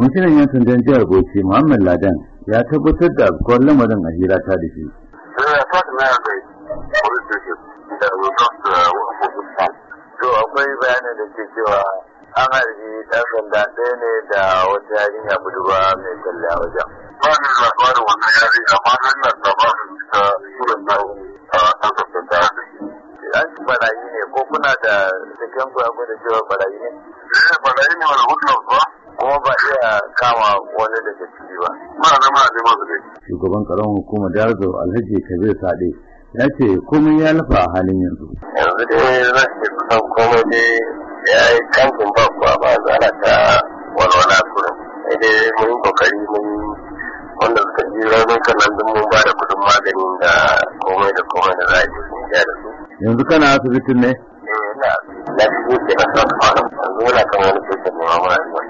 kwamishinan yan sandan jihar bauchi muhammad ladan ya tabbatar da afkuwar lamarin a hira ta da shi eh, akwai bayanin da ke cewa an harbi ɗan sanda ɗaya ne da wata yarinya budurwa mai talla a wajen. Ba ni labarin wannan yari amma nan na labarin ta suran na ɗan sanda da An ci barayi ne ko kuna da cikin ku da cewa barayi ne? Eh barayi ne wani hudun ba. ba iya kama wani daga ciki ba muna nan muna neman su dai shugaban karamin hukumar darzo alhaji kabir sade ya ce komai ya lafa a halin yanzu yanzu dai zan ke kusan komai dai ya yi kankin ba kuwa ba zana ta walwala kurin sai dai mun yi kokari mun wanda suka ji raunukan nan duk mun ba da kudin maganin da komai da komai da za a yi sun da su yanzu kana asibitin ne? eh na na shi ke na sa kwanan yanzu muna kan wani cikin ne ma muna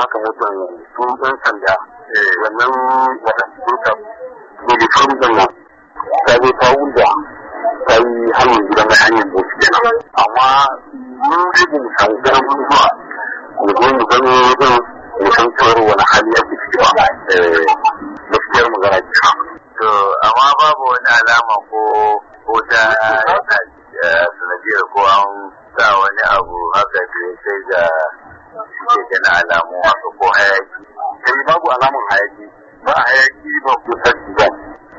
haka motan sun ɗan sanda eh, wannan wata suka ne da zama ta zo ta wunda ta yi gidan hanyar bosu kenan amma mun mun zuwa mu zo mu gano wajen cewar wani hali ba eh, gaskiyar magana ce. to amma babu wani alama ko ko ta eh, sanadiyar ko an sa wani abu haka da ya kai ga ke gani alamu haka ko hayaki sai babu alamun hayaki ba hayaki ba ko sarki ba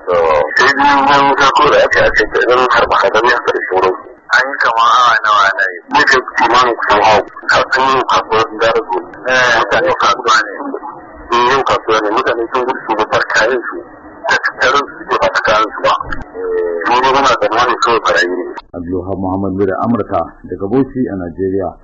to sai dai mun ga da aka aka ce dan har ba kadan ya fara shuru an yi kama awa nawa na yi ne ke kimanin kusan hau kafin kasuwar darago eh, mutane kasuwa ne yau eh, kasuwa ne mutane sun gudu su ba kayan su da tattarin su Abdullahi Muhammad Mira Amurka daga Bauchi a Najeriya.